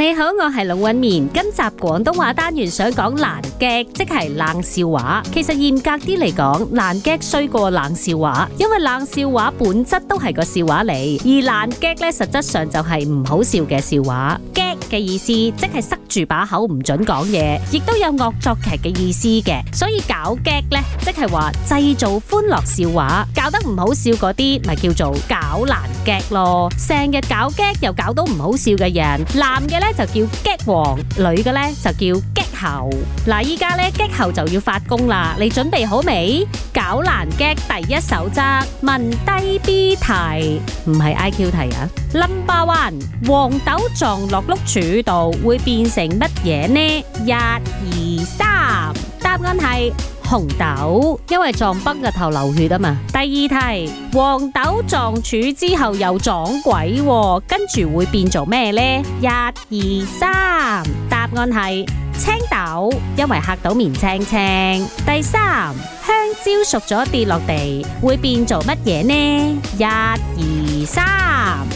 你好，我係龍運棉。今集廣東話單元想講難 g ag, 即係冷笑話。其實嚴格啲嚟講，難 g 衰過冷笑話，因為冷笑話本質都係個笑話嚟，而難 g 呢，咧實質上就係唔好笑嘅笑話。g 嘅意思即係塞住把口唔准講嘢，亦都有惡作劇嘅意思嘅。所以搞 g 呢，即係話製造歡樂笑話，搞得唔好笑嗰啲咪叫做搞難 ge 咯。成日搞 g ag, 又搞到唔好笑嘅人，男嘅呢。呢就叫激王，女嘅呢就叫激后。嗱，依家呢激后就要發功啦，你準備好未？搞爛 gag 第一手則，問低 B 題，唔係 I Q 題啊。Number one，黃豆撞落碌柱度，會變成乜嘢呢？一、二、三，答案係紅豆，因為撞崩個頭流血啊嘛。第二題，黃豆撞柱之後又撞鬼、喎，跟住會變做咩呢？一、二、三，答案係青豆，因為吓到面青青。第三，香蕉熟咗跌落地會變做乜嘢呢？一、二、三，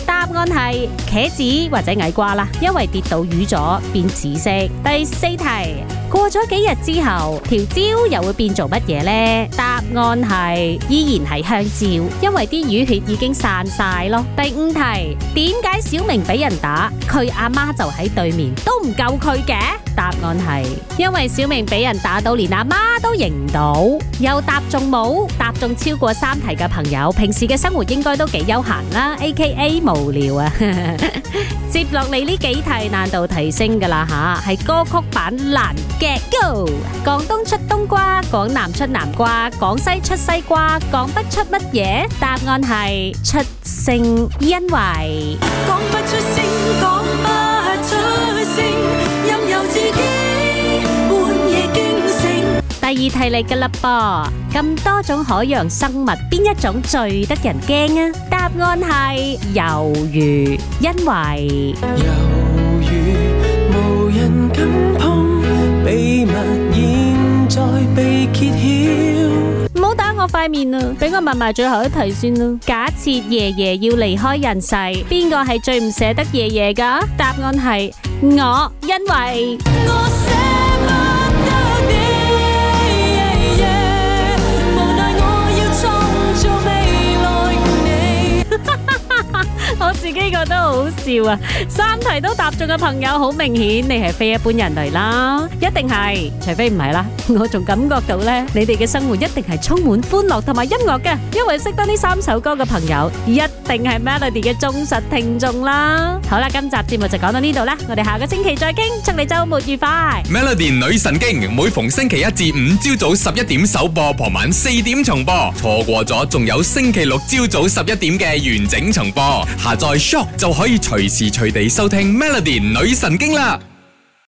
答案係茄子或者矮瓜啦，因為跌到瘀咗變紫色。第四題。過咗幾日之後，條蕉又會變做乜嘢呢？答案係依然係香蕉，因為啲淤血已經散晒咯。第五題，點解小明俾人打，佢阿媽就喺對面都唔救佢嘅？答案係因為小明俾人打到連阿媽都認唔到。又答中冇答中超過三題嘅朋友，平時嘅生活應該都幾悠閒啦，A K A 無聊啊。 接落嚟呢幾題難度提升噶啦吓，係歌曲版難。嘅，Go！廣東出冬瓜，廣南出南瓜，廣西出西瓜，講不出乜嘢？答案係出聲，因為。講不出聲，講不出聲，任由自己半夜驚醒。第二題嚟噶啦噃，咁多種海洋生物，邊一種最得人驚啊？答案係魷魚，因為魷魚，無人敢碰。唔好打我塊面啊！俾我問埋最後一題先啦。假設爺爺要離開人世，邊個係最唔捨得爺爺噶？答案係我，因為。呢個都好笑啊！三題都答中嘅朋友，好明顯你係非一般人嚟啦，一定係，除非唔係啦。我仲感覺到咧，你哋嘅生活一定係充滿歡樂同埋音樂嘅，因為識得呢三首歌嘅朋友，一定係 Melody 嘅忠實聽眾啦。好啦，今集節目就講到呢度啦，我哋下個星期再傾，祝你週末愉快。Melody 女神經，每逢星期一至五朝早十一點首播，傍晚四點重播，錯過咗仲有星期六朝早十一點嘅完整重播，下載就可以隨時隨地收聽 Melody 女神經喇！